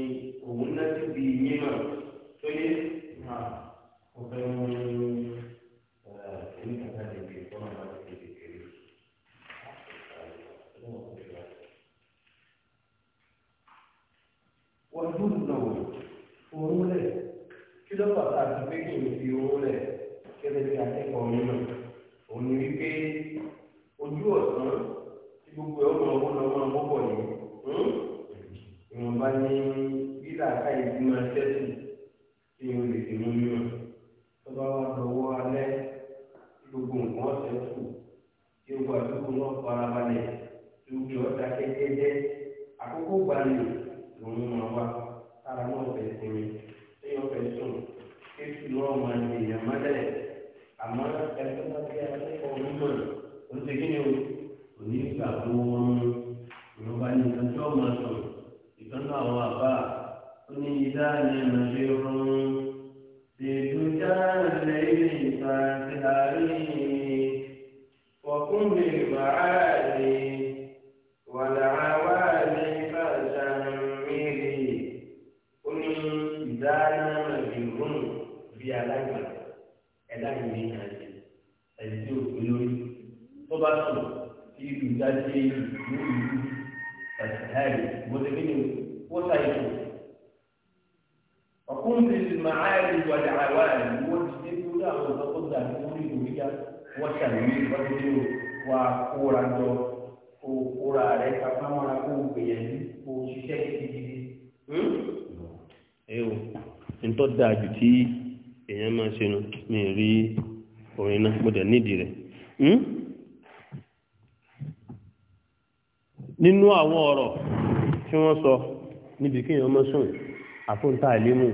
fún tààlímù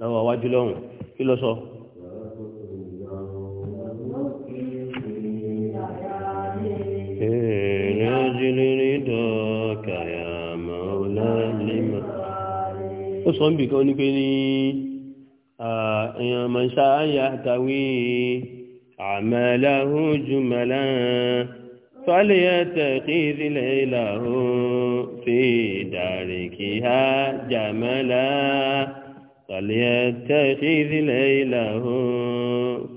lọ́wọ́ wájú lọ́hùn kí ló ó sọ ń bì kan ní pé ní èèyàn máa ń tàwí àmàlàhùn jùmọ̀lá fálẹ̀ yàtọ̀ kí ìdílé ìlà في داركها جملا فليتخذ ليله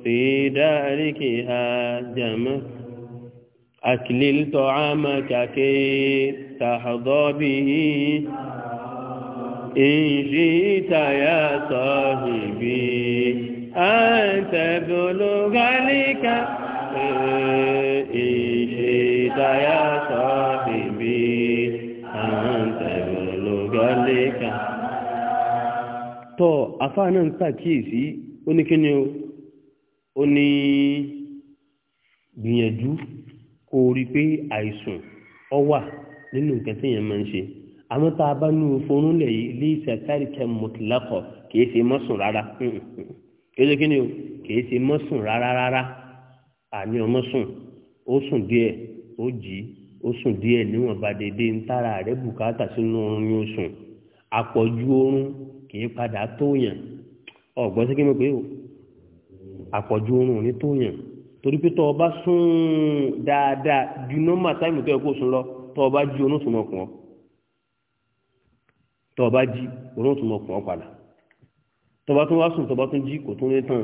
في داركها جملا أكلل طعامك كي تحظى به إن جئت يا صاحبي أن تبلغ لك إن جئت يا alayka tọ́ àfáà náà ń sàkíyèsí ó ní kíni o ó ní gbìyànjú kó o rí pé àìsùn ọ wà nínú nǹkan tí èèyàn máa ń ṣe àmọ́ tá a bá ní oforun lẹ̀ yìí lé ìsàkárìkẹ́ mọ̀tìlákọ̀ kìí ṣe mọ́sùn rárá kìí ṣe kíni o kìí ṣe mọ́sùn rárá rárá àní ọmọ sùn ó sùn díẹ̀ ó jí ó sùn díẹ̀ níwọ̀nba dédé ń tára rẹ̀ bùkátà sínú oorun ní oṣù àpọ̀jù oorun kì í padà tóyàn ọ̀gbọ́n sí kí mi pé o àpọ̀jù oorun ò ní tóyàn torí pé tọ́ ọba sún dáadáa ju nọ́mà táìmù tó yẹ kó sùn lọ tọ́ ọba jí oorun sùn ọkùn ọ tọ́ ọba jí oorun sùn ọkùn ọ padà tọ́ ọba tún wá sùn tọ́ ọba tún jí kò tún ní tán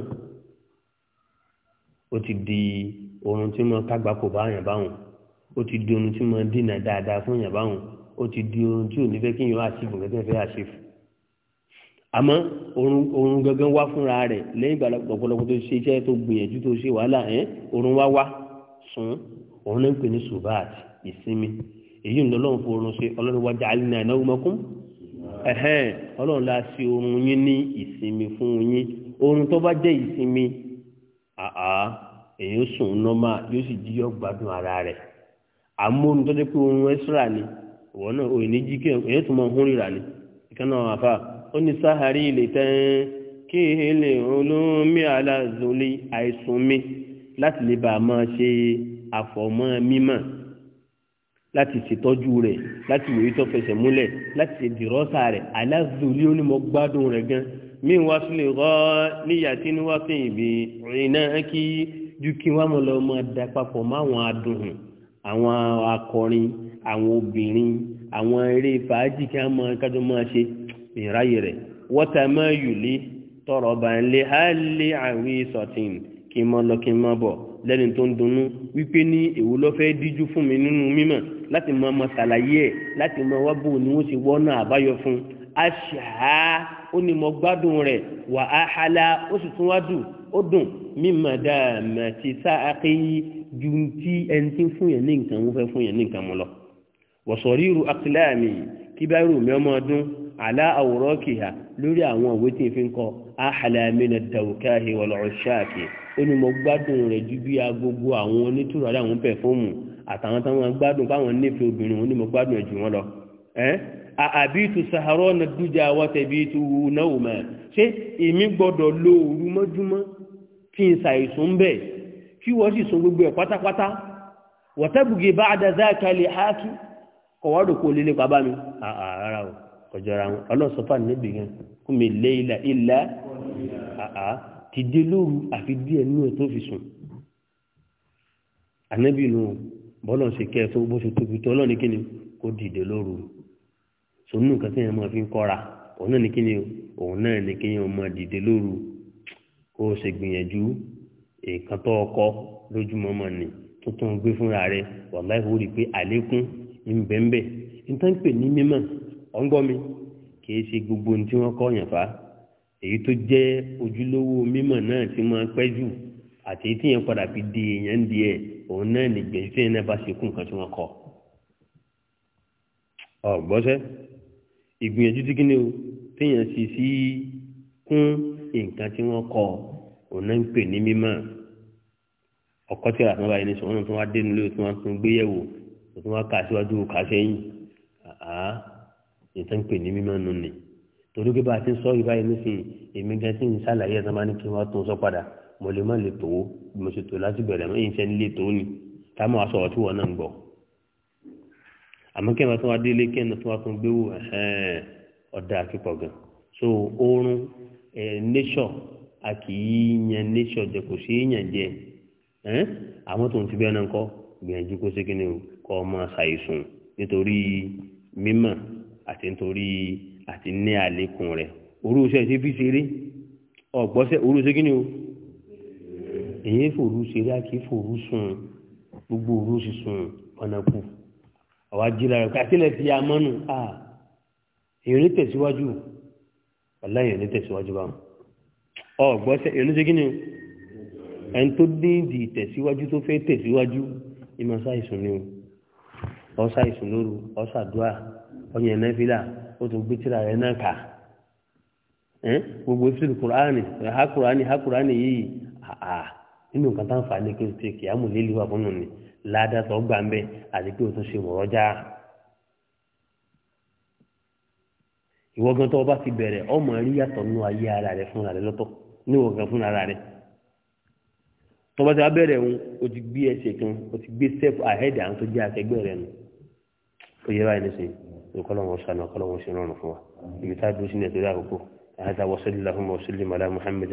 ó ti di oorun tí mo kágbá kò bá yàn báwọn ó ti di ohun tí mo dínà dáadáa fún yàn báwọn ó ti di ohun tí ò ní fẹ́ kí yàn àṣìfù gẹ́gẹ́ fẹ́ àṣìfù àmọ́ oorun gangan wá fúnra rẹ̀ lẹ́yìn ìgbà ọ̀pọ̀lọpọ̀ tó ṣe iṣẹ́ tó gbìyànjú tó ṣe wàhálà ẹ̀ oorun wá wá sùn òun náà ń pè ní subat ìsinmi èyí ń lọ́lọ́run fún oorun ṣe ọlọ́run wájà alina ìnáwó mọ́kún ẹ̀hẹ́n ọlọ́run la ṣe oorun yín ní ìsinmi fún yín oorun tó bá jẹ́ ìsinmi àá èyí ó sùn nọ́mà yóò sì jí yọ ara rẹ̀ àmóhun tó dé pé ohun ẹ́sìrà ni ìwọ náà òyìn ní jíkẹ́ èyí tó mọ ohun rírà ni ìkànnà àfà ó ní sáhárì ilé tẹ́ẹ́n kí ilé olómi aláàzọlé àìsùn mi láti lè bá a máa ṣe àfọ̀mọ́ mímọ̀ láti ṣètọ́jú rẹ̀ láti wòye tó fẹsẹ̀ múlẹ̀ láti ṣe dìrọ́sà rẹ̀ aláàzọlé ó ní gbádùn rẹ̀ gan mi wá sílẹ̀ rọ́ níyà tí wọ́n fi ìbí rìn náà kí ju kí wọ́n máa da papọ̀ máwọn adùn hàn àwọn akọrin àwọn obìnrin àwọn eré fàájì kí wọ́n máa kájọ máa ṣe ìráyè rẹ̀ wọ́tà máa yù lé tọrọ bá ń lé hálẹ́ àwí sọ̀tìn kí n máa lọ kí n bọ̀ lẹ́ni tó ń dunnú wípé ní èwo ló fẹ́ díjú fún mi nínú mímọ̀ láti máa ma ṣàlàyé ẹ̀ láti máa wá bò ní wọ́n ti wọ́nà àbáyọ fún aṣáá ó ní mo gbádùn rẹ̀ wà ó sì tún wá dùn ó dùn mímọ̀ dáàmà ti sáà kéyìí ju ti ẹni tí ń fún yẹn ní nǹkan mo fẹ́ fún yẹn ní nǹkan mo lọ wọ̀sọ̀ríru akíláàmì kíbárù mi ọmọ ọdún àlá àwòrán kìhà lórí àwọn òwe tí n fi ń kọ ahàlàmì nà dàwùkáhì wọ̀lọ̀ọ̀ṣáàkì ó ní mo gbádùn rẹ̀ ju bí agogo àwọn onítùrọ̀ àwọn pẹ̀fọ́ọ̀mù àtàwọn táwọn gbádùn káwọn nífẹ̀ẹ́ obìnrin òun ní ẹ̀ jù wọ́n lọ àbítù sàárọ̀ na dújà wátẹ̀bítù náà mẹ́ ṣé èmi gbọ́dọ̀ lo òru mọ́júmọ́ tí n ṣàìsùn bẹ́ẹ̀ kí wọ́n sì so gbogbo ẹ̀ pátápátá wọ̀tẹ́bùgì bá àdáza kalẹ̀ hákì kọ̀wádò kò lè lépa bá mi àárá o kọjọra wọn ọlọ́sọ̀fà níbi gan kó mi lé ilẹ̀ ilẹ̀ àá ti dé lóru àfi díẹ̀ nínú ẹ̀ tó fi sùn ànábì nù bọ́lọ̀ ṣe kẹ́ ẹ tó bó ṣe tóbi tó ọlọ́ni kíni kó dìde lóru sonu nǹkan tí yẹn máa fi ń kọ́ra òun náà ní kíni òun náà ní kíni ọmọ dìde lóru kó o ṣe gbìyànjú èèkan tó ọkọ ni tuntun gbé fúnra rẹ wàláì ó rí i pé àlékún ń bẹ́ẹ̀ bẹ́ẹ̀ nítorí pé ní mímọ́ ọ̀ngbọ́n kìí ṣe gbogbo ohun tí yàn fa èyí tó jẹ́ ojúlówó mímọ̀ náà tí wọ́n pẹ́ jù àti èyí tí yẹn padà fi di èèyàn ń di òun o téèyàn ṣe sí kún nǹkan tí wọ́n òun ń pè ní mímọ́ ọkọ́ tí àtúnwá yìí ní sọ wọn tún wá dénú lórí tí wọn tún gbé yẹ̀wò tún wá kà síwájú kà sẹ́yìn àá ètò ń pè ní mímọ́ nù ni torí pé bá a ti ń sọ yìí báyìí nísìnyí èmi gan tí ń ṣàlàyé ẹ̀ sábà ní kí wọ́n tún sọ padà mo lè má lè tó mo sì tó láti bẹ̀rẹ̀ mọ́ èyí sẹ́ni lè tó ni ká mọ̀ aṣọ ọ̀tún wọn náà ń gbọ́ àmọ́ kí tún wá délé kí tún wá tún gbé ọ̀dà àkíkọ̀ gan so oorun eh, nature a kì í yan nation jẹ kò sí yàn jẹ ẹn àwọn tó ń ti bẹ́ẹ̀ náà kọ́ gbìyànjú kó ṣe kíni o kọ́ ọmọ ṣàìsùn nítorí mímọ̀ àti nítorí àti ní àlékún rẹ̀ orú iṣẹ́ ṣe fi ṣeré ọ̀gbọ́sẹ̀ orú iṣẹ́ kíni o èyí fòrú ṣeré àti fòrú sùn gbogbo orú sísun ọ̀nà kù àwa jìlá rẹ̀ kàtílẹ̀ ti amọ́nù à èyí ò ní tẹ̀síwájú ọ̀la èyí ò ní tẹ̀síwájú báwọn ọ̀gbọ́sẹ̀ ẹnu ṣe kí ni ẹni tó díndì ìtẹ̀síwájú tó fẹ́ tẹ̀síwájú ìmọ̀ ṣàìsùn ni o ọṣàìsùn lóru ọṣàdúà ọyàn ẹnẹfìlà ó tún gbé tíra rẹ náà kà ẹ gbogbo ìfìlù kùránì ha kùránì ha kùránì yìí àà nínú nǹkan tá ń fà á ní kí o ṣe kì á mú lílù wà fún mi ládàá tó gbà ń bẹ àti pé o tún ṣe mọ̀rọ́jà. ìwọ́gán tó o bá ti bẹ̀rẹ̀ ọmọ rí yàtọ̀ nínú ayé ara rẹ fúnra rẹ lọ́tọ̀ níwọ̀n kan fún ara rẹ̀ tọba tí a bẹ̀rẹ̀ ń o ti gbé ẹsẹ̀ kan o ti gbé step ahead àwọn tó jẹ́ akẹgbẹ́ rẹ̀ nù ó yẹ báyìí nísìnyí ìkọlọ́wọ́ sànà ọ̀kọlọ́wọ́ sí rọrùn fún wa ibi tá a dúró sí ní ẹ̀tọ́ ìdáàkókò هذا وصلى اللهم وسلم على محمد